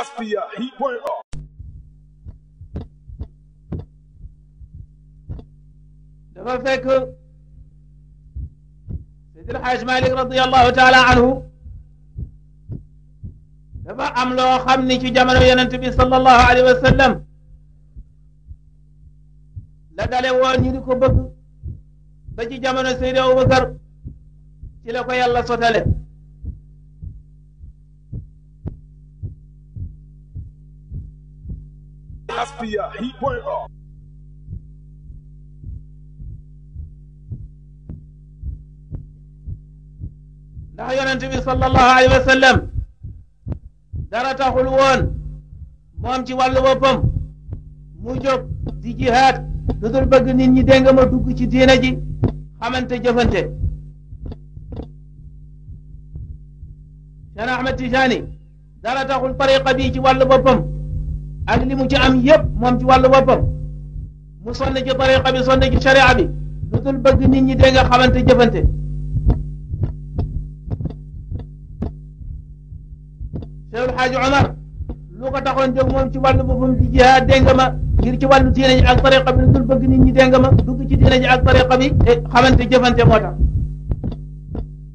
asfiyahi.org. Oh. dafa fekk Seydil Hajj Malik radiyallahu taala anhu dafa am loo xam ni ci jamono yonent bi sallallahu alayhi wa sallam la dale woon ñu di ko bëgg ba ci jamono Seydi Abubakar ci la ko yàlla sotale. Aspia, Heat.org. ndax yonent sallallahu alayhi wa dara taxul woon moom ci wàllu boppam mu jóg di jihaad lu dul bëgg nit ñi dégg nga ma dugg ci diina ji xamante jëfante Cheikh Ahmed Tijani dara taxul tariqa bi ci wàllu boppam ak li mu ci am yépp moom ci wàllu boppam mu sonn ci tariqa bi sonn ci sharia bi lu dul bëgg nit ñi dee xamante jëfante Seydul Xaaji Omar lu ko taxoon jóg moom ci wàllu boppam di jihaad dégg nga ngir ci wàllu diine ak tariqa bi lu dul bëgg ñi dégg nga ma dugg ci diine ji ak tariqa bi xamante jëfante moo tax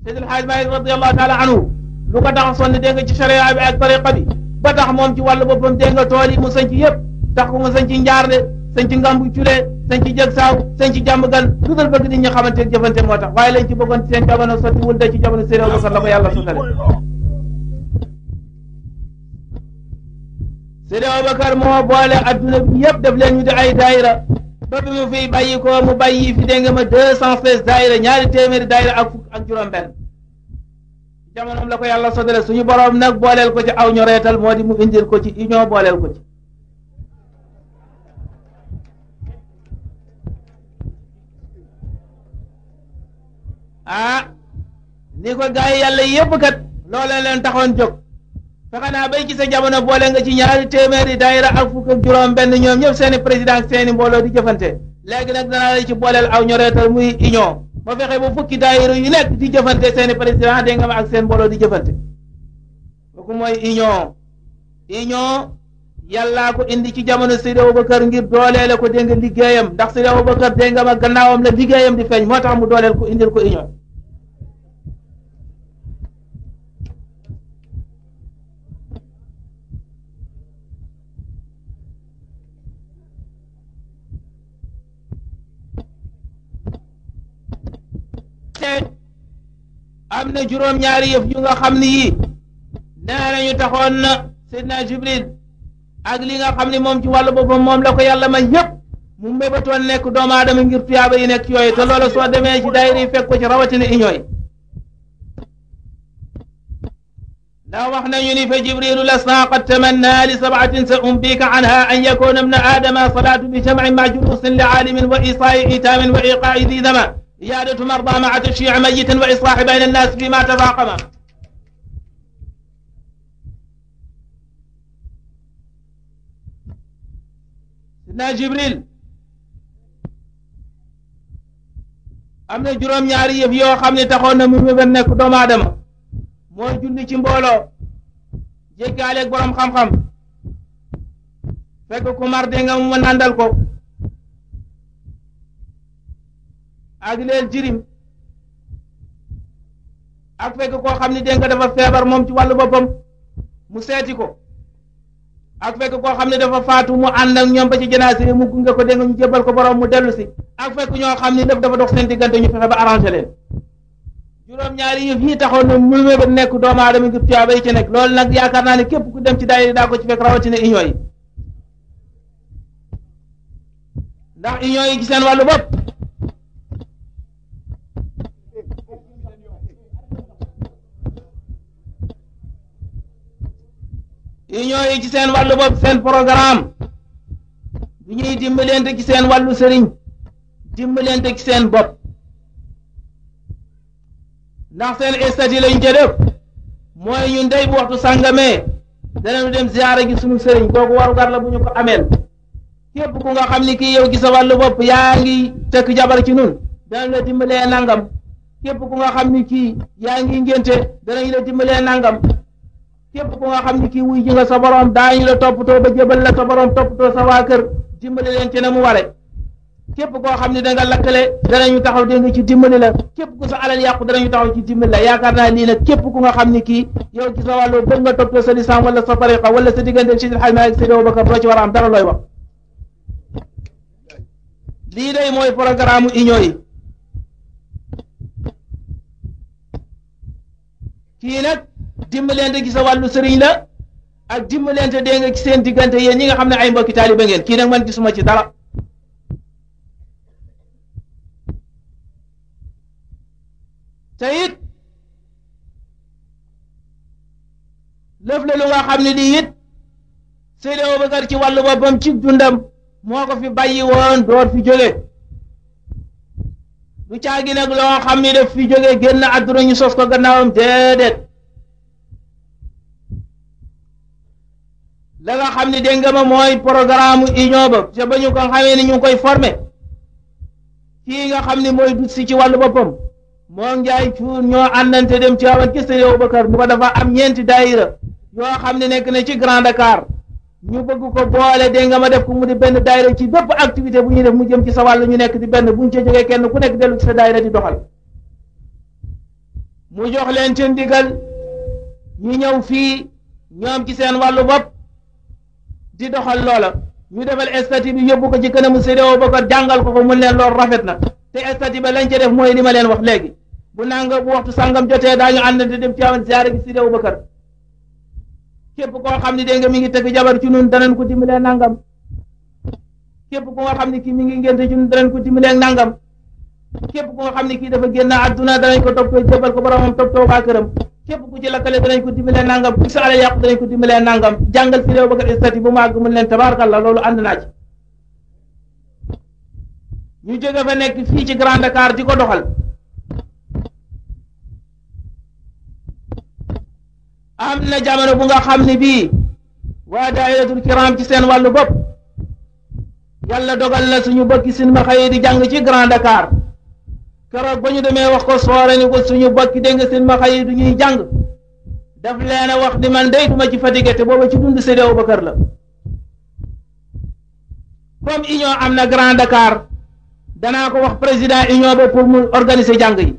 Seydul Xaaji Maalik radiyallahu taala anhu lu ko tax sonn dégg ci sharia bi ak tariqa ba tax moom ci wàllu boppam dégg nga tool yi mu sanc yëpp tax ko nga sanc njaar de sanc ngambu culee sanc jëg saaw sanc jàmm gan lu dul bëgg nit ñi xamante jëfante moo tax waaye lañ ci bëggoon seen jamono sotti wul de ci jamono séeréer ba sax la ko yàlla sotale moo boole adduna bi yëpp def leen ñu di ay daayira ba bi mu fiy bàyyi ko mu bàyyi fi dégg nga ma de cent seize daayira ñaari téeméeri daayira ak fukk ak juróom jamonoom la ko yàlla sotale suñu boroom nag booleel ko ci aw ñoreetal moo di mu indil ko ci union booleel ko ci ah ni ko gaay yàlla yëpp kat loolee leen taxoon jóg fexe bay ci sa jamono boole nga ci ñaari téeméeri daayira ak fukk ak juróom benn ñoom ñëpp seeni président seeni mbooloo di jëfante léegi nag danaa ci booleel aw ñoreetal muy union ba fexe ba fukki daayira yu nekk di jëfante seeni président dégg nga seen mbooloo di jëfante kooku mooy union union yàllaa ko indi ci jamono Seydi Aboubacar ngir dooleele ko dégg nga liggéeyam ndax Seydi Aboubacar dégg nga ma gannaawam la liggéeyam di feeñ moo tax mu dooleel ko indil ko union am na juróom-ñaari yëf yu nga xam ne yii nee nañu taxoon na Seydina Jibril li nga xam ne moom ci wàllu boppam moom la yàlla may yëpp mu mébatoon nekk doomu aadama ngir tuyaaba yi nekk yooyu te loolu soo ci daayira yi fekk ko ci rawatina union yi ndax wax nañu ni fa jibrilu lasna qad tamanna li sabaatin sa umbika anha an yakuna ibna a salaatu bi jamcin ma julusin li aalimin wa isaa'i itaamin wa iqaa'i diidama إيادة مرضى مع تشييع ميت وإصلاح بين الناس فيما تفاقم سيدنا جبريل am na juróom-ñaari yëf yoo xam ne taxoon na mu mébét nekk doomu aadama mooy julli ci mbooloo jéggaaleeg boroom xam-xam fekk ku mar de nga mu nàndal ko ak leen jirim ak fekk koo xam ni dégg nga dafa feebar moom ci wàllu boppam mu seeti ko ak fekk koo xam ne dafa faatu mu ànd ak ñoom ba ci janaase bi mu gunge ko dégg nga ñu jébbal ko borom mu dellu si ak fekk ñoo xam ni lépp dafa dox seen diggante ñu fexe ba arrangé juróom-ñaari yëf yi taxoon na mu ba nekk doomu aadama ngir tuyaaba yi ci nekk loolu nag yaakaar naa ne képp ku dem ci daayira daa ko ci fekk rawatina union yi ndax union yi ci seen wàllu bopp union yi ci seen wàllu bopp seen programme bu ñuy dimbalante ci seen wàllu sëriñ dimbalante ci seen bopp ndax seen statut lañ ca def mooy ñun day bu waxtu sàngamee danañu dem ziyaara gi suñu sëriñ kooku warugar la bu ñu ko ameel képp ku nga xam ni kii yow ci sa wàllu bopp yaa ngi tëkk jabar ci nun danañ la dimbalee nangam képp ku nga xam ni kii yaa ngi ngénte danañ la dimbalee nangam képp ko nga xam ne kii wuy ji nga sa borom daañu la toppatoo ba jëbal la sa borom toppatoo sa waa kër dimbali leen ci na mu ware képp koo xam ne da nga lakkale ñu taxaw dégg ci dimbali la képp ku sa alal yàqu ñu taxaw ci dimbali la yaakaar naa lii nag képp ku nga xam ne kii yow ci sa wàllu bëgg nga toppatoo sa lisaan wala sa tariqa wala sa diggante si xaj ma ak Seydi Abubakar doo ci war a am dara looy wax lii day mooy programme dimbalante gi sa wàllu sëriñ la ak dimbalante dee nga ci seen diggante yéen ñi nga xam ne ay mbokki taaliba ngeen kii nag man gisuma ci dara te it la lu nga xam ne lii it Seydi Ababacar ci wàllu boppam ci dundam moo ko fi bàyyi woon door fi jóge lu caagi nag loo xam ne daf fi jóge génn àdduna ñu sos ko gannaawam déedéet la nga xam ne dégg nga ma mooy programme union ba ca ba ñu ko xamee ni ñu koy forme kii nga xam ne mooy dut si ci wàllu boppam moo njaay cuun ñoo àndante dem ci waawan kista yow Bakar bu ko dafa am ñeenti daayira yoo xam ne nekk na ci Grand Dakar ñu bëgg ko boole dégg nga ma def ko mu di benn daayira ci bépp activité bu ñuy def mu jëm ci sa wàll ñu nekk di benn bu ñu ca jógee kenn ku nekk dellu ci sa daayira di doxal mu jox leen ci ndigal ñu ñëw fii ñoom ci di doxal loola ñu defal statut bi yóbbu ko ci kanamu Seydi Aboubacar jàngal ko ko mun leen loolu rafet na te statut ba lañ ca def mooy li ma leen wax léegi bu nanga bu waxtu sàngam jotee daañu ànd di dem ci awan ziyaare gi Seydi Aboubacar képp ko xam ni dégg nga mi ngi teg jabar ci nun danañ ko dimbalee nangam képp ku nga xam ne kii mi ngi ngénte ci nun danañ ko dimbalee nangam képp ku nga xam ne kii dafa génn adduna danañ ko toppatoo jébal ko boromam toppatoo waa këram képp ku ci lakkale danañ ko dimbalee nangam ku sa alal yàqu danañ ko dimbalee nangam jàngal ci réew ba kat stati bu màgg mun leen tabaarkalla loolu ànd naa ñu jóge fa nekk fii ci Grand Dakar di ko doxal am na jamono bu nga xam ne bii waa daayiratul kiram ci seen wàllu bopp yàlla dogal na suñu bëkki sin ma xëy di jàng ci Grand Dakar keroog ba ñu demee wax ko soore ni ko suñu bokki dégg nga seen maxa yi du ñuy jàng daf leen a wax di man day duma ci fatigué te booba ci dund Seydi Aboubacar la comme union am na Grand Dakar danaa ko wax président union ba pour mu organiser jàng yi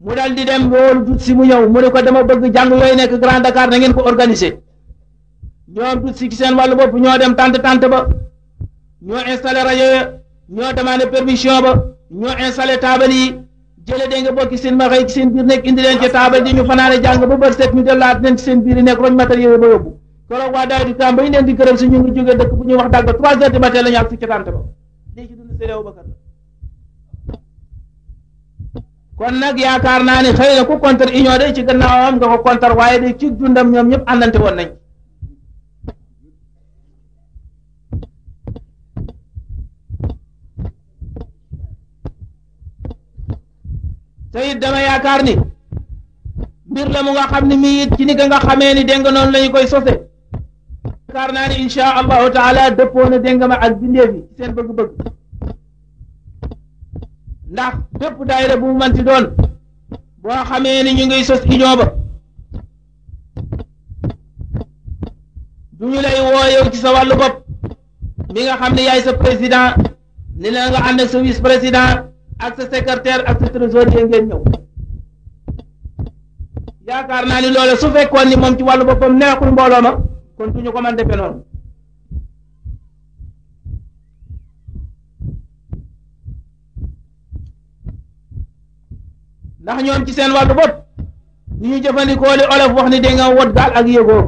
mu dal di dem woolu dut si mu ñëw mu ne ko dama bëgg jàng yooyu nekk Grand Dakar na ngeen ko organiser ñoom dut si seen wàllu bopp ñoo dem tante tante ba ñoo installé rajo ñoo demandé permission ba ñoo installé taabal yi jële dégg nga bokki seen maxey ci seen biir nekk indi leen ci taabal di ñu fanaane jàng ba bër set ñu dellaat leen ci seen biir yi nekk roñ matériel ba yóbbu koroog waa daay di taam ba ñu leen di gërëm si ñu ngi jógee dëkk bu ñuy wax dagg ba trois heures du matin la ñu ak ci tànt ba léegi dund sëriñ Abubakar kon nag yaakaar naa ni xëy na ku i union day ci gannaawam nga ko contre waaye day ci dundam ñoom ñëpp àndante woon nañ te it dama yaakaar ni mbir la mu nga xam ne mii it ci ni nga xamee ni dégg nga noonu la koy sose yaakaar naa ni insha allahu taala dëppoo na dégg nga ma ak bindéef yi seen bëgg-bëgg ndax bépp daayira bu mu manti doon boo xamee ni ñu ngi sos i ba du ñu lay woo ci sa wàllu bopp mi nga xam ne yaay sa président ni la nga am ak sa vice président ak sa ak sa trésorier ñëw yaakaar naa ni loolu su fekkoon ni moom ci wàllu boppam neexul mbooloo ma kon duñu defe noonu ndax ñoom ci seen wàllu bopp du ñu jëfandikoo li olof wax ni da nga wot gaal ak yëgoo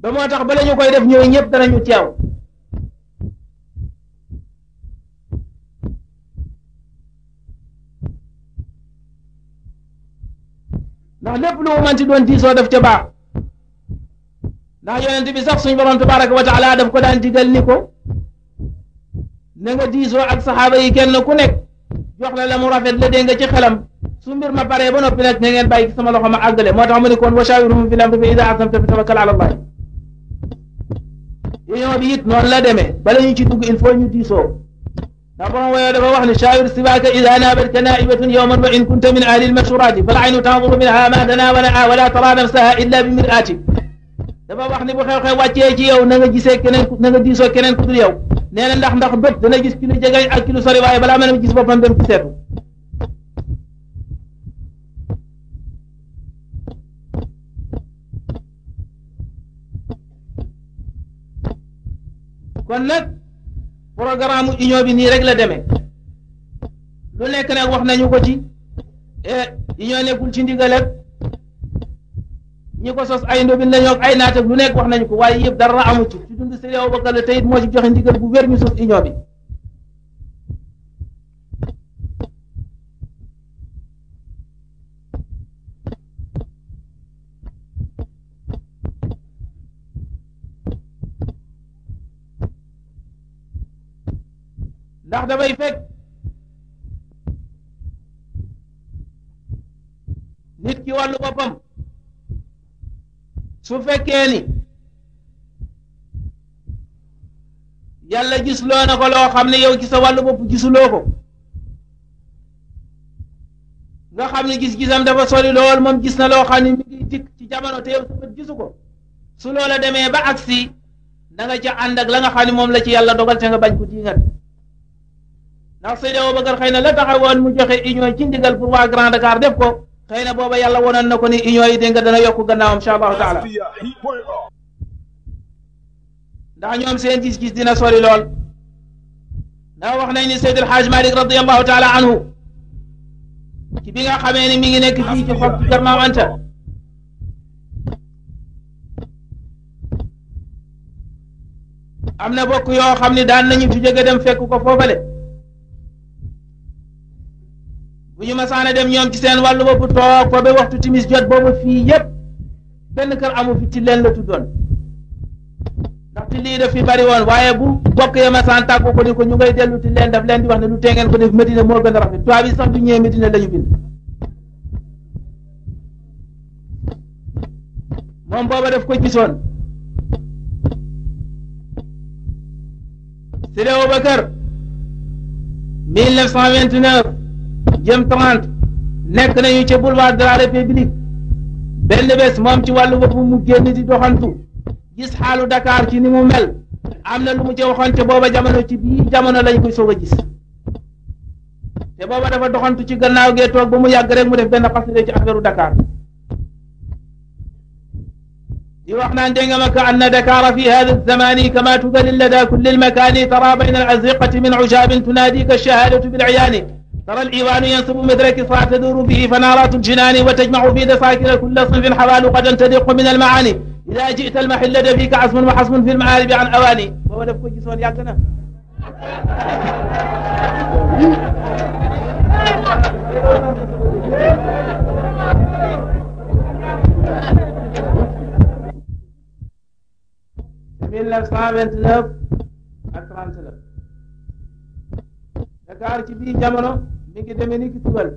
ba moo tax bala ñu koy def ñëw dana danañu teew ndax lépp lu mu manti doon diisoo def ca baax ndax yonent bi sax suñ borom tabaraka wa taala daf ko daan digal ni ko na nga diisoo ak saxaaba yi kenn ku nekk jox la la mu rafet la dégg nga ci xelam su mbir ma paree ba noppi nag na ngeen bàyyi sama loxo ma àggale moo tax ma ne kon wa shaawiruhum fil amri fa idaa azamta fatawakkal ala allah union bi it noonu la demee bala ñu ci dugg il faut ñu diisoo ndax borom waya dafa wax ne shaawir sibaaka ida naabatka naa'ibatun yawman wa in kunta min ahli lmashuraati fal aynu tanzuru minha ma tanaawana wala tara nafsaha illa bi mir'aati dafa wax ne bu xew-xew wàccee ci yow na nga gisee keneen na nga diisoo keneen ku dul yow nee na ndax ndax bët dana gis ki lu jege ak ki lu sori waaye balaa mën a gis boppam dem ci seetu kon nag programme union bi nii rek la demee lu nekk nag wax nañu ko ci e union nekkul ci ndigal ak ñi ko sos ay ndobin na ak ay naat lu nekk wax nañu ko waaye yëpp dara amu ci ci dund Serigne Aboubacar la tey moo ci joxe ndigal bu wér ñu sos union bi. ndax dafay fekk nit ki wàllu boppam su fekkee ni yàlla gisuloo na ko loo xam ne yow ci sa wàllu bopp gisuloo ko nga xam ne gis-gisam dafa sori lool moom gis na loo xam ne mi ngi dikk ci jamono te yow sa bët gisu ko su loola demee ba agsi na nga ca ànd ak la nga xam ne moom la ci yàlla dogal te nga bañ ko diingat ndax Seydi Aboubacar xëy na la taxawoon mu joxe union ci ndigal pour waa Grand Dakar def ko xëy na booba yàlla wonoon na ko ni union yi dégg nga dana yokk gannaawam incha allahu taala ndax ñoom seen gis-gis dina sori lool ndax wax nañ ni Seydi El Hadj Malick radiyallahu taala anhu ci bi nga xamee ni mi ngi nekk fii ci xob Anta am na bokk yoo xam ne daan nañu fi jóge dem fekk ko foofale bu ñu dem ñoom ci seen wàllu bopp toog ko ba waxtu timis jot boobu fii yépp benn kër amu fi ci leen la tuddoon ndaxte lii daf fi bari waaye bu bokk ya masaan tàggu ko ni ko ñu ngay dellu ci daf leen di wax ne lu tee ngeen ko def Medina moo gën a rafet tubaab yi sax du ñëwee Medina la ñu bind moom booba daf ko gisoon Sidi Aboubacar 1929 jëm 30 nekk nañu ci boulevard de la république benn bés moom ci wàllu boobu mu génn di doxantu gis xaalu Dakar ci ni mu mel am na lu mu ci waxoon ca booba jamono ci bii jamono lañ koy soog a gis te booba dafa doxantu ci gannaaw gee toog ba mu yàgg rek mu def benn xasida ci affaire Dakar di wax naan dégg nga ma ka anna Dakar fi hada zamani kama tugalil lada kulli almakani tara bayna alaziqati min ujabin tunadika alshahadatu bil'iyaani ترى الإيوان ينسب مدرك الصراط تدور به فنارات الجنان وتجمع في دساكر كل صنف حوال قد تدق من المعاني إذا جئت المحل لدى فيك عصم وحصم في المعارب عن أواني وهو دفك جسون يعتنا min lef cent vingt neuf ak trente neuf Dakar ci biir jamono mi ngi demee ni ki tugal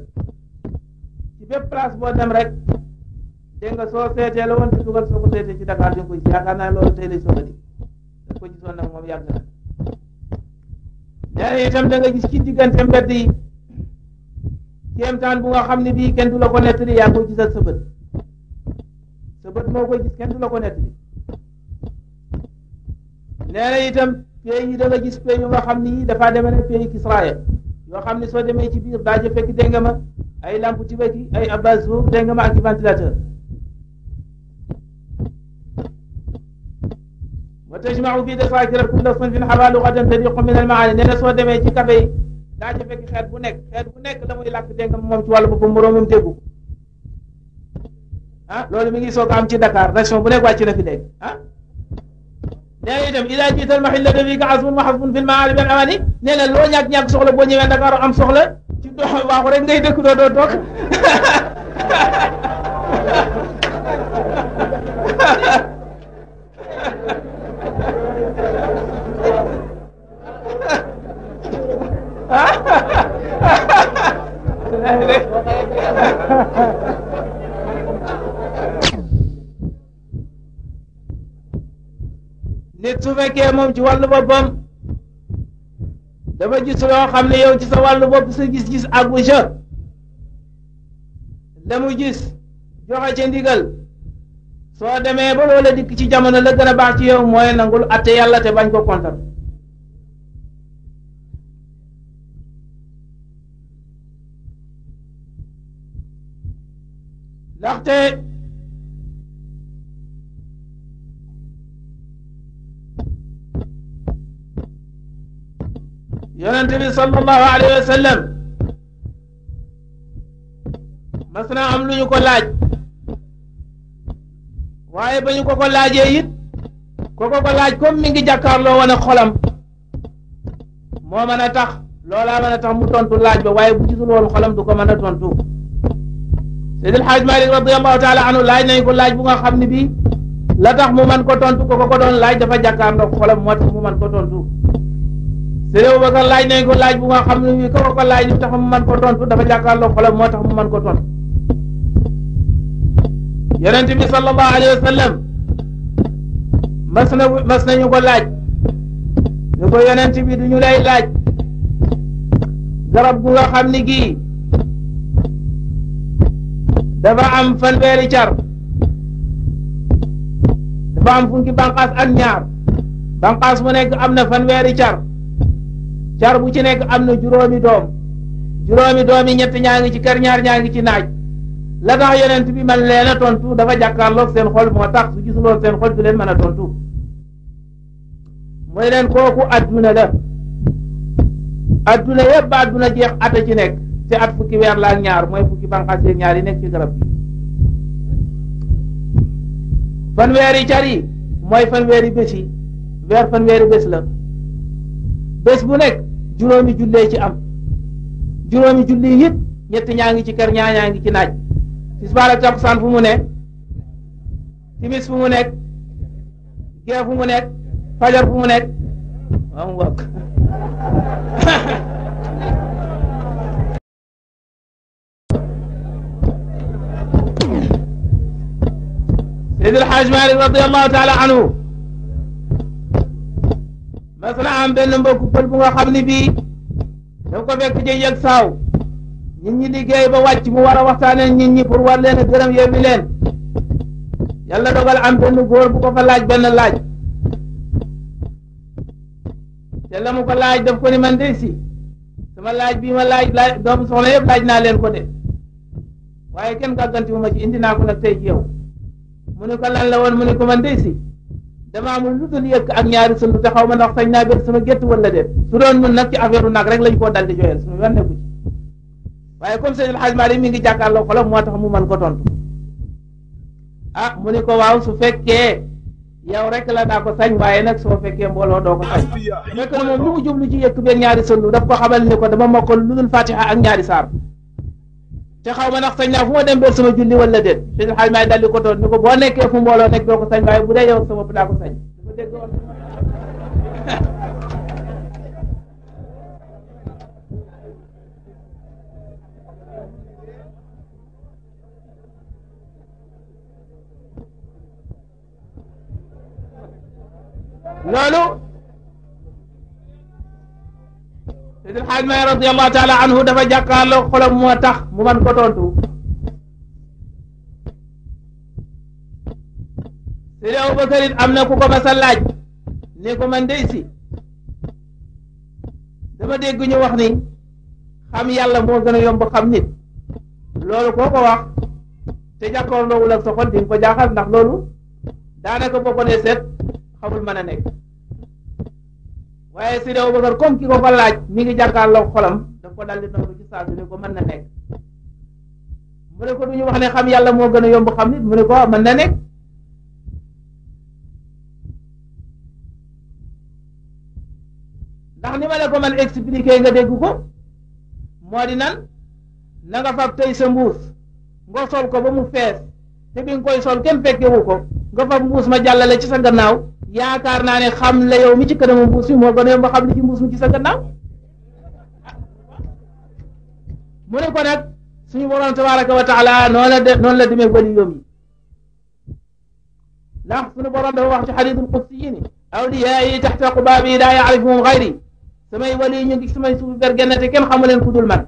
ci bépp place boo dem rek dégg nga soo seetee la woon ci tugal soo ko seetee ci Dakar ñu ko ci yaakaar naa a di da ko gisoon nag moom yàgg na nee na itam da nga gis ci diggante mbedd yi kéemtaan bu nga xam ne bii kenn du la ko nettali yaa koy gisal sa bët sa moo koy gis kenn du la ko nettali nee na itam pays yi da nga gis pays yu nga xam ni dafaa demee ne pays Kisra yoo xam ne soo demee ci biir daaje fekk dégg nga ma ay lampe ci wet yi ay abbas suuf dégg ma ak i ventilateur wa tajmau fii dasaakira kulla sinfin xawaalu gadan tadiqu min almaani nee na soo demee ci kafe yi daaje fekk xeet bu nekk xeet bu nekk la muy làkk dégg nga ma moom ci wàllu boppam moroomam déggu ah loolu mu ngi soog am ci dakaar région bu nekk wàcc na fi léegi ah nee na itam ida jiital maxilla de fii ka asbun wa xasbun fil maali bil amali nee na loo ñàkk ñàkk soxla boo ñëwee Dakar am soxla ci dox waaxu rek ngay dëkk doo doo toog moom ci wàllu boppam dafa gis xam ne yow ci sa wàllu bopp sa gis-gis àggu ca la mu gis joxe ca ndigal soo demee ba loola dikk ci jamono la gën a baax ci yow mooy nangul atte yàlla te bañ ko kontar bi sallallahu alayhi wa sallam am lu ko laaj waaye ba ñu ko ko laajee it ko ko ko laaj comme mi ngi jàkkaarloo woon ak xolam moo mën a tax loolaa mën a tax mu tontu laaj ba waaye bu gisul woon xolam du ko mën a tontu Seydi El Hadj Malick radiyallahu taala anhu laaj nañ ko laaj bu nga xam ne bii la tax mu mën ko tontu ko ko doon laaj dafa jàkkaarloo xolam moo tax mu mën ko tontu. Sëriñ Abubakar laaj nañ ko laaj bu nga xam ne ko ko laaj lu tax mu mën ko tontu dafa jàkkaarloo xolam moo tax mu man ko tontu yonent bi sallallahu alayhi wa sallam mas na mas nañu laaj ñu ko yonent bi du ñu lay laaj garab gu nga xam ni gii dafa am fanweeri car dafa am fukki banqaas ak ñaar banqaas mu nekk am na fanweeri car car bu ci nekk am na juróomi doom juróomi doom yi ñett ñaar ngi ci kër ñaar ñaa ngi ci naaj la tax yonent bi man leen a tontu dafa jàkkaarloog seen xol moo tax su gisuloon seen xol du leen mën a tontu mooy leen kooku adduna la adduna yëpp ba adduna jeex at a ci nekk te at fukki weer la ak ñaar mooy fukki banqaas yeeg ñaar yi nekk ci garab bi fanweeri car yi mooy fanweeri bés yi weer fanweeri bés la bés bu nekk juróomi jullee ci am juróomi julli yëpp ñett ñaa ngi ci kër ñaa ngi ci naaj tisbaar ak takkusaan fu mu ne timis fu mu nekk gee fu mu nekk fajar fu mu nekk waaw mu bokk Seydil Hajj taala anhu mas na am benn mbokku pël bu nga xam ni bii daf ko fekk ci yëg saaw nit ñi liggéey ba wàcc mu war a waxtaanee ñi pour war leen a gërëm yóbbi leen dogal am benn góor bu ko fa laaj benn laaj te la mu ko laaj daf ko ni man de si sama laaj bi ma laaj laaj doomu soxna yëpp laaj naa leen ko de waaye kenn gàgganti wu ma ci indi naa ko nag tey ci yow mu ne ko lan la woon mu ne ko man de si damaa amul lu dul yëkk ak ñaari sunu te xaw ma ndax sañ naa gën sama gétt wala déet su doon ñun nag ci affaire nag rek lañ koo dal di joyal suñu yoon nekku ci waaye comme sëñ Alxaaj Maalik mi ngi jàkkaarloo xolam moo tax mu mën ah mu ne ko waaw su fekkee yow rek la daa ko sañ waaye nag soo fekkee mbooloo doo ko sañ fekk na moom lu mu jublu ci yëkk beeg ñaari sunu daf ko xamal ni ko dama mokkal lu dul Fatiha ak ñaari saar te xaw ma ndax sañ naa fu ma dem bel sama julli wala déet te xaaj maay daldi ko toon ni ko boo nekkee fu mbooloo nekk doo ko sañ waaye bu dee yow sa bopp daa ko sañ dafa dégg woon loolu Seydil Xaaj Maalik radiyallahu taala anhu dafa jàkkaarloo xolam moo tax mu man ko tontu Seydi Abubakar it am na ku ko mas laaj ne ko man dey si dama dégg ñu wax ni xam yàlla moo gën a yomb xam nit loolu koo ko wax te jàkkaarloowul ak sa xol di ko jaaxal ndax loolu daanaka boo ko ne seet xamul mën a nekk waaye Seydi Abubakar comme ki ko ko laaj mi ngi jàkkaarloo xolam daf ko daldi tontu ci saa su ne ko mën na nekk mu ne ko du ñu wax ne xam yàlla moo gën a yomb xam nit mu ne ko ah, mën na nekk ndax ni ma la ko man expliquer nga dégg ko moo di nan na nga fab tey sa mbuus nga sol ko ba mu fees te bi nga koy sol kenn fekkewu ko nga fa mbuus ma jàllale ci sa gannaaw yaakaar naa ne xam la yow mi ci kanamu mbuus mi moo gën a yomb xam li ci mbuus mi ci sa gannaaw mu ne ko nag suñu borom tabaraka wa taala noonu la de noonu la demee wali da yi ndax suñu borom dafa wax ci xadiisul qudsi yi ni awliyaa yi taxta qubaab yi laa yaarifuhum xayri samay wali ñu ngi samay suufi te kenn xamu leen ku dul man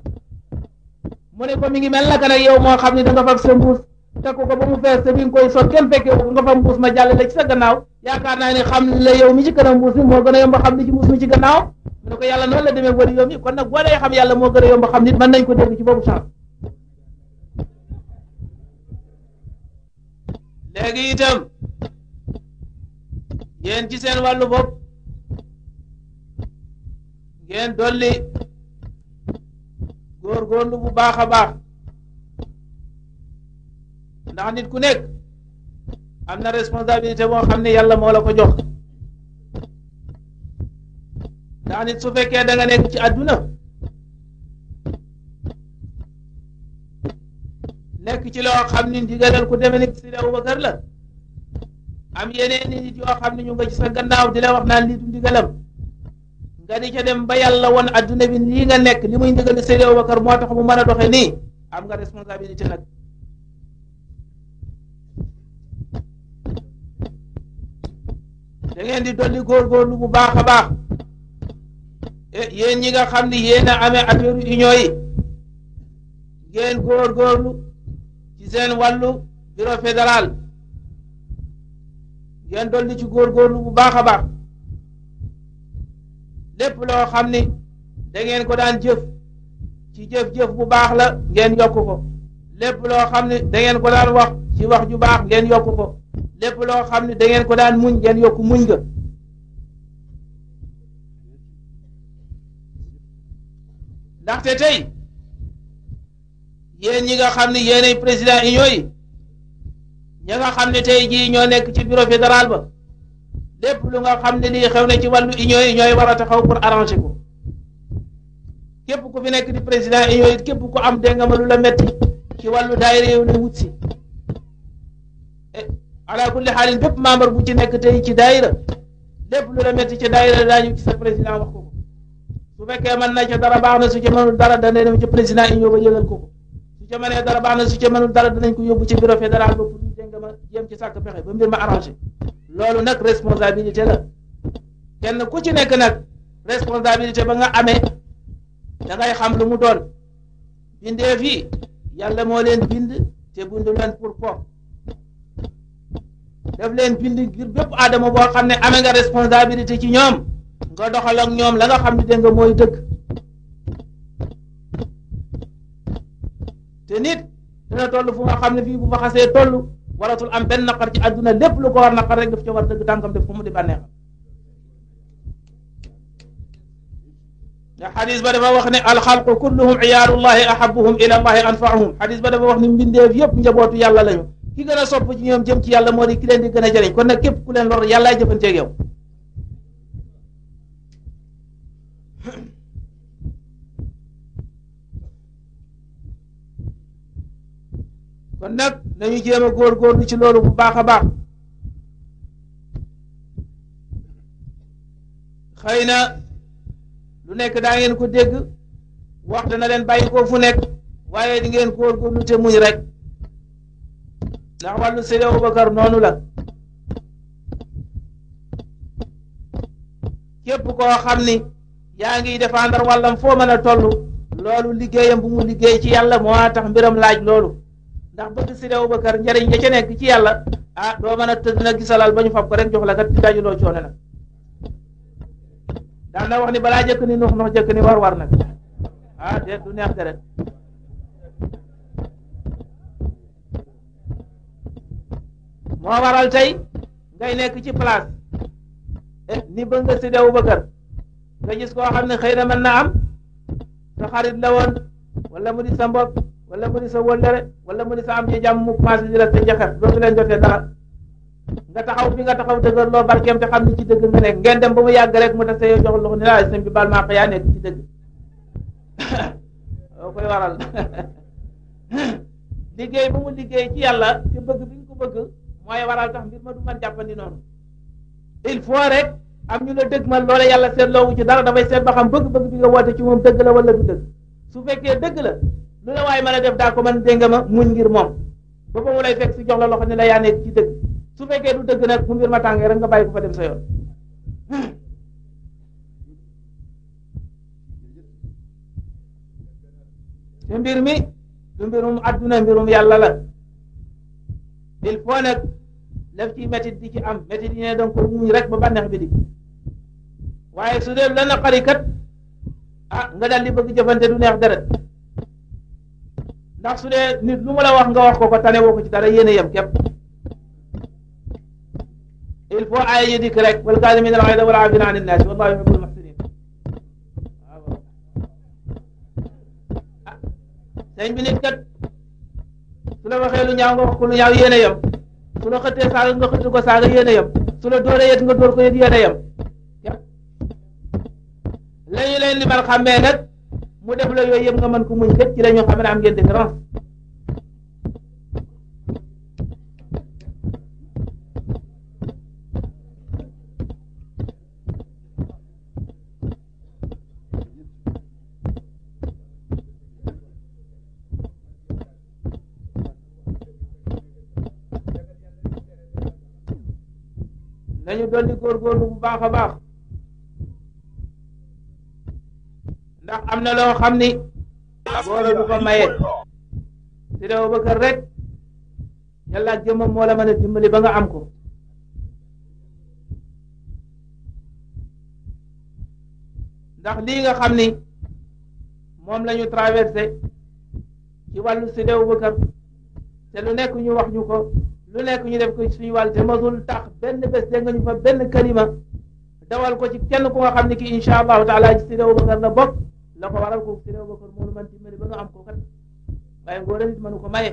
mu ne ko mi ngi mel naka nag yow moo xam ne da nga fab sa mbuus takk ko ba mu fees te bi nga koy sol kenn fekkee ko nga fa mbuus ma jàllale ci sa gannaaw yaakaar naa ne xam la yow mi ci kanam mbuus mi moo gën a yomb xam li ci mbuus mi ci gannaaw mu ne ko yàlla noonu la demee wari yoom yi kon nag boo dee xam yàlla moo gën a yomb xam nit mën nañ ko dégg ci boobu chance léegi itam yéen ci seen wàllu bopp ngeen dolli góorgóorlu bu baax a baax ndax nit ku nekk am na responsabilité boo xam ne yàlla moo la ko jox ndax nit su fekkee da nga nekk ci àdduna nekk ci loo xam ni ndigalal ku demee nekk si Abu Bakar la am yeneen i nit yoo xam ne ñu nga ci sa gannaaw di la wax naan lii du ndigalam nga di ca dem ba yàlla won adduna bi lii nga nekk li muy ndigal Seydou Bakar moo tax mu mën a doxe nii am nga responsabilité nag da ngeen di dolli góorgóorlu bu baax a baax eh, yéen ñi nga xam ni yéen a amee affaire union yi ngeen góorgóorlu ci seen wàllu bureau fédéral ngeen dolli ci góor góorgóorlu bu baax a baax lépp loo xam ni da ngeen ko daan jëf ci jëf-jëf bu baax la ngeen yokk ko lépp loo xam ni da ngeen ko daan wax ci wax ju bax ngeen yokk ko lépp loo xam ne da ngeen ko daan muñ ngeen yokku muñ nga ndaxte tey yéen ñi nga xam ne yéenay président union yi ñi nga xam ne tey jii ñoo nekk ci bureau fédéral ba lépp lu nga xam ne lii xew ne ci i union yi ñooy war a taxaw pour arranger ko képp ku fi nekk di président union yi képp ku am dégg nga ma lu la metti ci wàllu daayira yow ne wut si ala kulli xaalin bépp membre bu ci nekk tey ci daayira lépp lu la ci daayira daañu ci sa président wax ko ko su fekkee mën na ca dara baax na su ca mënul dara dana dem ci président union ba yëgal ko ko su ca mënee dara baax na su ca mënul dara danañ ko yóbbu ci bureau fédéral ba pour ñu dégg ma jéem ci sàkk pexe ba mbir ma arrangé loolu nag responsabilité la kenn ku ci nekk nag responsabilité ba nga amee da ngay xam lu mu doon bindee fii yàlla moo leen bind te bindu leen pour foofu. daf leen bind ngir bépp aadama boo xam ne amee nga responsabilité ci ñoom nga doxal ñoom la nga xam ne dégg nga mooy dëgg te nit dina toll fu nga xam ne fii bu fa xasee toll am benn naqar ci àdduna lépp lu ko war naqar rek daf ci war dëgg tànkam def ko mu di bànneexam ndax xadis ba dafa wax ne alxalqu kulluhum iyaarullahi a ila allahi anfaahum xadis ba dafa wax ne mbindeef yëpp njabootu yàlla lañu ki gën a sopp ci ñoom jëm ci yàlla moo di ki leen di gën a jëriñ kon nag képp ku leen lor yàllaay jëfanteeg yow kon nag nañu jéem a góorgóorlu ci loolu bu baax a baax xëy na lu nekk daa ngeen ko dégg wax na leen bàyyi fu nekk waaye di ngeen góorgóorlu te muñ rek ndax wàllu Seydou Aboubacar noonu la képp koo xam ni yaa ngi défendre wàllam foo mën a toll loolu liggéeyam bu mu liggéey ci yàlla moo tax mbiram laaj loolu ndax bëgg Seydou Aboubacar njëriñ ja ca nekk ci yàlla a ah, doo mën a tëdd na gisalal ba ñu fab ko rek jox la kat dajuloo coono nag daan na wax ni balaa jëkk ni nux nux jëkk ni war war nag ah déet du neex moo waral tey ngay nekk ci place eh, ni ba nga sidé Abubakar nga gis koo xam ne xëy na mën na am sa xarit la woon wala mu di sa mbokk wala mu di sa wëllëre wala mu di sa am ci jàmm mu commencé di la sa njaxas ba mu leen jotee dara nga taxaw fi nga taxaw dëgër loo barkeem te xam ni ci dëgg nga nekk ngeen dem ba mu yàgg rek mu tase yow jox loxo ne laa sëñ bi baal maa yaa nekk ci dëgg loo koy waral liggéey bu mu liggéey ci yàlla te bëgg bi ñu ko bëgg mooy waral tax mbir ma du mën jàppandi il faut rek am ñu la dëgg man loola yàlla seet loowu ci dara dafay seet ba xam bëgg-bëgg bi nga woote ci moom dëgg la wala du dëgg su fekkee dëgg la lu la waaye man a def daa ko mën dégg nga ma muñ ngir moom ba ba mu lay fekk si jox la loxo ne la yaa nekk ci dëgg su fekkee du dëgg nag bu mbir ma tàngee rek nga bàyyi fa dem sa yoon te mbir mi du mbirum adduna mbirum yàlla la il faut nag lef ci métit di ci am métit yi ne danga ko muñ rek ba bànneex bi di waaye su dee la naqari kat ah nga daal di bëgg jëfante du neex deret ndax su dee nit lu ma la wax nga wax ko ko tane woo ko ci dara yéen yem képp il faut aaya ji dikk rek wal kaazimiina al ghayza ah, la waxee lu ñaaw nga wax ko lu ñaaw yem su la xëttee saaga nga xëtt ko saaga yéen a yem su la dóoree yet nga dóor ko yet yéen a yem lañu leen limal xàmmee nag mu def la yooyu yëpp nga mën ko muñ kat ci la ñu xam ne am ngeen différence nañu dolli góorgóorlu bu baax a baax ndax am na loo xam ni boolo du ko maye si daw ba kër rek yàlla ak jëmmam moo la mën a dimbali ba nga am ko ndax lii nga xam ni moom la ñu ci wàllu si dew bëkkër te lu nekk ñu wax ñu ko lu nekk ñu def ko suñu wàll te masul tax benn bés dégg nga ñu fa benn kalima dawal ko ci kenn ku nga xam ne kii incha allahu taala ci Sidi Aboubacar la bokk la ko waral ko Sidi Aboubacar moo mën dimbali ba nga am ko kat waaye ngóor nit mënu ko maye.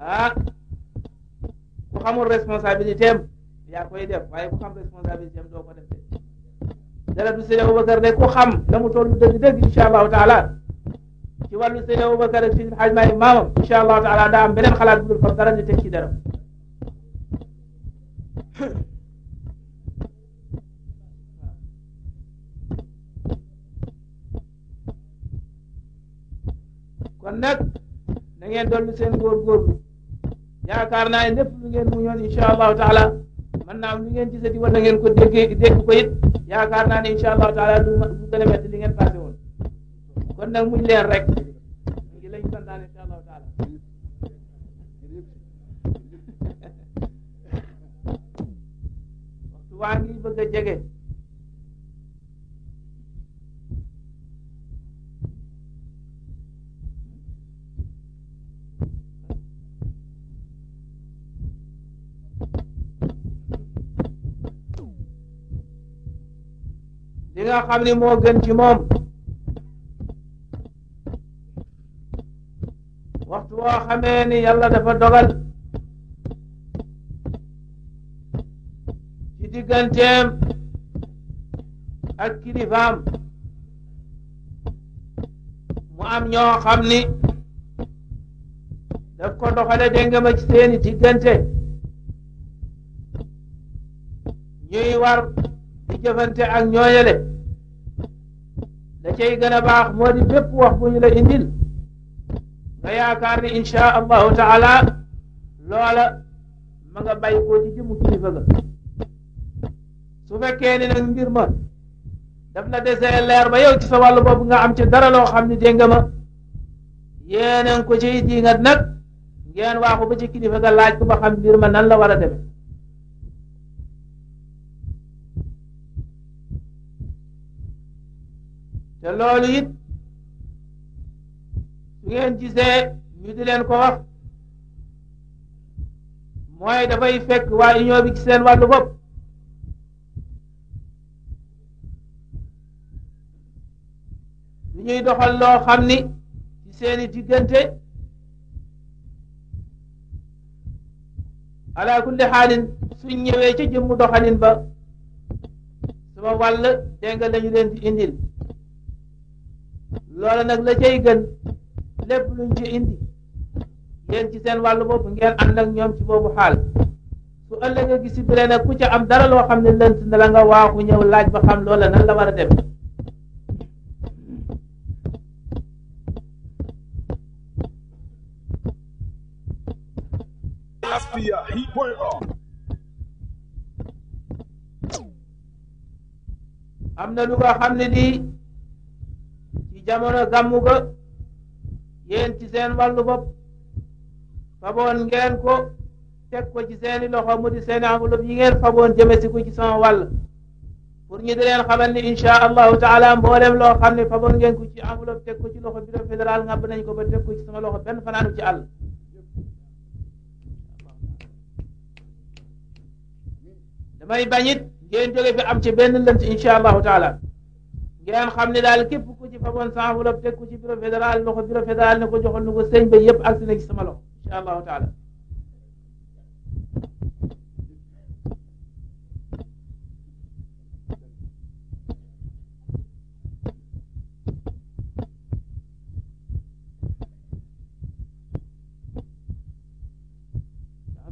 ah ku xamul responsabilité am yaa koy def waaye ku xam responsabilité doo ko def de dara du Sidi Aboubacar de ku xam la mu toll dëgg-dëgg incha allahu taala. wàllu Seydi Aboubacar ak Seydi Hadj Malick maamam incha allahu taala daa am beneen xalaat bu dul fab dara ñu teg ci dara kon nag na ngeen dolli seen góorgóorlu yaakaar naa lépp lu ngeen mu ñoon incha allahu taala mën naa am lu ngeen gisati war na ngeen ko déggee dégg ko it yaakaar naa ne incha taala du gën a metti li ngeen passé woon kon nag muñ leen rek waa ngi bëgg a jege li xam ni moo gën ci moom waxtu woo xamee ni yàlla dafa dogal digganteem ak kilifaam mu am ñoo xam ni daf ko doxale ma ci seeni diggante ñuy war di jëfante ak ñooñale da cay gën baax moo di bépp wax bu ñu indil nga yaakaar ni incha allahu taala loola ma nga bay koo ci jëmu su fekkee ne nag mbir ma daf la desee leer ba yow ci sa wàllu boobu nga am ci dara loo xam ne dégg ma yéeneen ko ci diingat nag ngeen waaxu ba ci kilifa nga laaj ko ba xam mbir ma nan la war a demee te loolu it su ngeen gisee ñu di leen ko wax mooy dafay fekk waa union bi ci seen wàllu bopp ñuy doxal loo xam ni ci seeni diggante ala kulli xaalin suñ ñëwee ca jëmmu doxalin ba sama wàll dégg nga lañu leen di indil loola nag la cay gën lépp luñ ci indi yéen ci seen wàllu bopp ngeen ànd ak ñoom ci boobu xaal su ëllëg a gisi bi ku ca am dara loo xam ne lënt na la nga waaxu ñëw laaj ba xam loola nan la war a dem via heat.org. Oh. na lu nga xam ne nii ci jamono gàmmu ga yéen ci seen wàllu bopp faboon ngeen ko teg ko ci i loxo mu di seeni enveloppe yi ngeen faboon jëme si ko ci sama wàll pour ñu di leen xamal ni incha allahu taala mboolem loo xam ne faboon ngeen ko ci enveloppe teg ko ci loxo bureau fédéral ngàbb nañ ko ba teg ko ci sama loxo benn fanaanu ci àll damay bañit ngeen jóge fi am ci benn lënt incha allahu taala ngeen xam ne daal képp ku ci faboon sa enveloppe teg ku ci bureau fédéral ma ko bureau fédéral ne ko joxoon nu ko sëñ ba yëpp ak si ci sama loxo incha allahu taala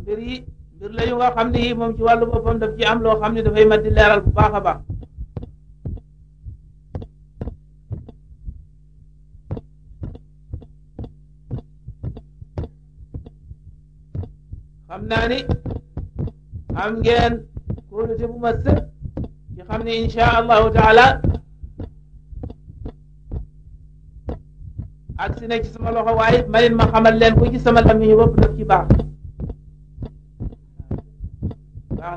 mbir mbir la yu nga xam moom ci wàllu boppam daf ci am loo xam ne dafay ma di leeral bu baax a baax xam naa ni am ngeen kóolute bu ma sëkk ci xam ne insha allahu taala ak si na ci sama loxo waaye manin ma xamal leen ko ci sama lamiñu bopp daf ci baax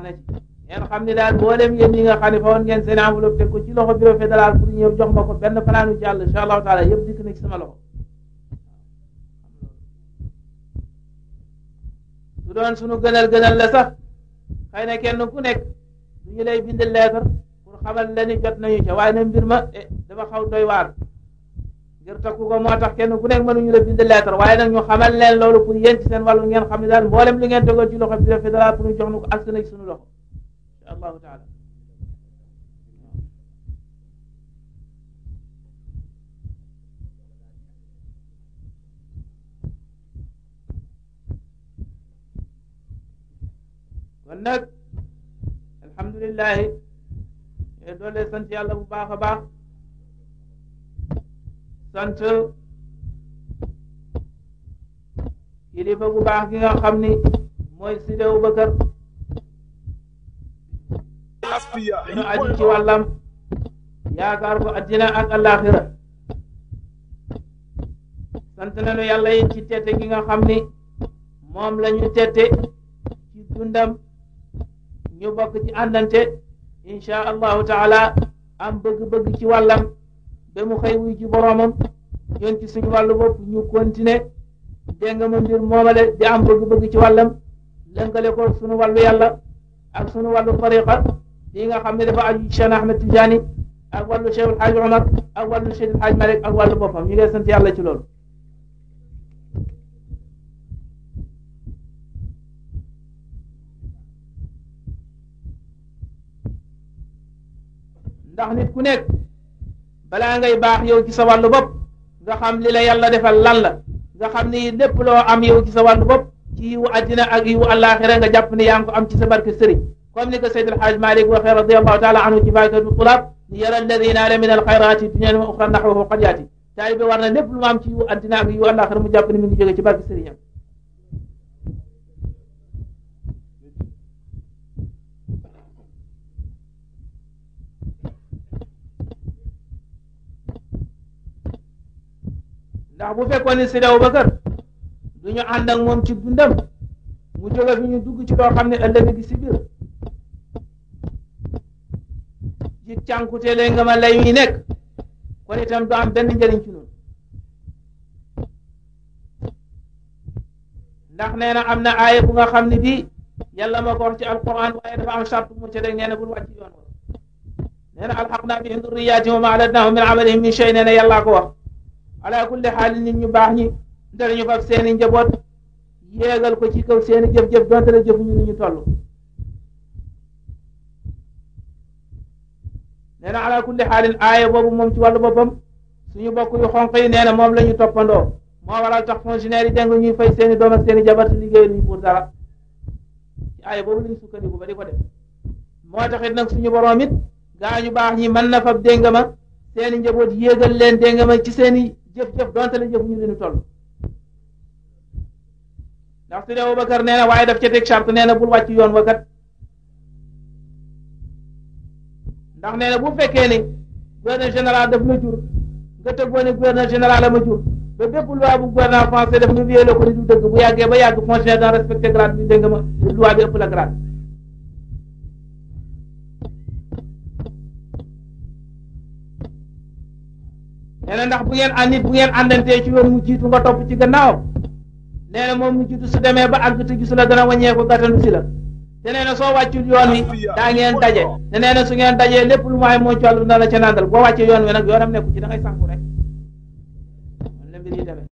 baax na ci ngeen xam ni daal mboolem yéen ñi nga ne fa woon ngeen seen enveloppe teg ko ci loxo bureau fédéral pour ñëw jox ma ko benn palaanu jàll incha allahu taala yëpp dikk na ci sama loxo su doon suñu gënal gënal la sax xëy na kenn ku nekk du ñu lay bindal leetar pour xamal la ni jot nañu ca waaye na mbir ma eh, dafa xaw doy waar ngir takku ko moo tax kenn ku nekk mënuñu la bind lettre waaye nag ñu xamal leen loolu pour yéen ci seen wàllu ngeen xam ne mboolem li ngeen tegoon ci loxo bi def dara pour ñu jox nu ko askan ak suñu loxo insha taala kon nag alhamdulilahi doole sant yàlla bu baax a baax sant kilifa gu baax gi nga xam ni mooy Sidi Abubakar ñu aju ci wàllam yaakaar ko addina ak alaxira sant nañu yàlla yi ci tete gi nga xam ni moom la ñu tete ci dundam ñu bokk ci àndante incha allahu taala am bëgg-bëgg ci wàllam ba mu xëy wuy ji boroomam ñun ci suñu wàllu bopp ñu continuer dégg nga ma di am bëgg-bëgg ci wàllam lëngale ko suñu wàllu yàlla ak suñu wàllu tariqa yi nga xam ne dafa aju Cheikh Ahmed Tidiane ak wàllu Cheikh El boppam ñu ngi sant ci loolu. ndax nit ku nekk. balaa ngay baax yow ci sa wàllu bopp nga xam li la yàlla defal lan la nga xam ni lépp loo am yow ci sa wàllu bopp ci yiwu àddina ak yiwu àllaaxira nga jàpp ni yaa ngi ko am ci sa barke sëriñ comme ni ko Seydil Xaaj Malik waxee radiallahu taala anhu ci faakatul xulaab ni yara alladina ala min alxayraati dunya wa uxra naxwahu qad yaati taalibe war na lépp lu mu am ci yiwu àddina ak yiwu àllaaxira mu jàpp ni mi ngi jóge ci barke sëriñam ndax bu fekkoon ni Sidi Abubakar du ñu ànd moom ci dundam mu jóge fi ñu dugg ci loo xam ne ëllëg gi si biir ci cànkute lay nga ma lay nekk kon itam du am benn njëriñ ci noonu ndax nee na am na aaya bu nga xam ne bii yàlla ma ko wax ci alquran waaye dafa am charte mu ca deg nee na bul wàcc yoon wa nee na alxaq naa bihim wa ma alatnaahum min amalihim min shay nee ko ala kulli xaal nit ñu baax ñi danañu fab seeni njaboot yéegal ko ci kaw seeni jëf-jëf donte la jëfuñu ni ñu toll nee na ala kulli xaalin aaya boobu moom ci wàllu boppam suñu bokk yu xonq yi nee na moom la ñu toppandoo moo waral tax fonctionnaire yi dégg ñuy fay seeni doom ak seeni jabar te liggéey luñu pour dara ci aaya boobu la ñu sukkandiku ba di ko def moo taxit nag suñu boroom it gaa ñu baax ñi man na fab ma seeni njaboot yéegal leen déngama ci seeni jëf-jëf donte la jëf ñu ne nu toll ndax su ne Abubakar nee na waaye def ca teg charte nee na bul wàcc yoon wa kat ndax nee na bu fekkee ne gouverneur général daf la jur nga tëggoo ne gouverneur général a ma jur ba bépp loi bu gouvernement français daf ñu violé ko ni du dëgg bu yàggee ba yàgg fonctionnaire daan respecté grade bi dégg nga ma loi bi ëpp la grade nee na bu ngeen ànd nit bu ngeen àndantee ci yoon mu jiitu nga topp ci gannaawam nee na moom mu jiitu su demee ba àgg te gisu la dana wàññeeku gàttanu si la te nee soo wàccul yoon wi daa ngeen daje te nee su ngeen dajee lépp lu maay moo ci wàllu na la ca nandal boo wàccee yoon wi nag yoonam nekku ci da ngay sànku rek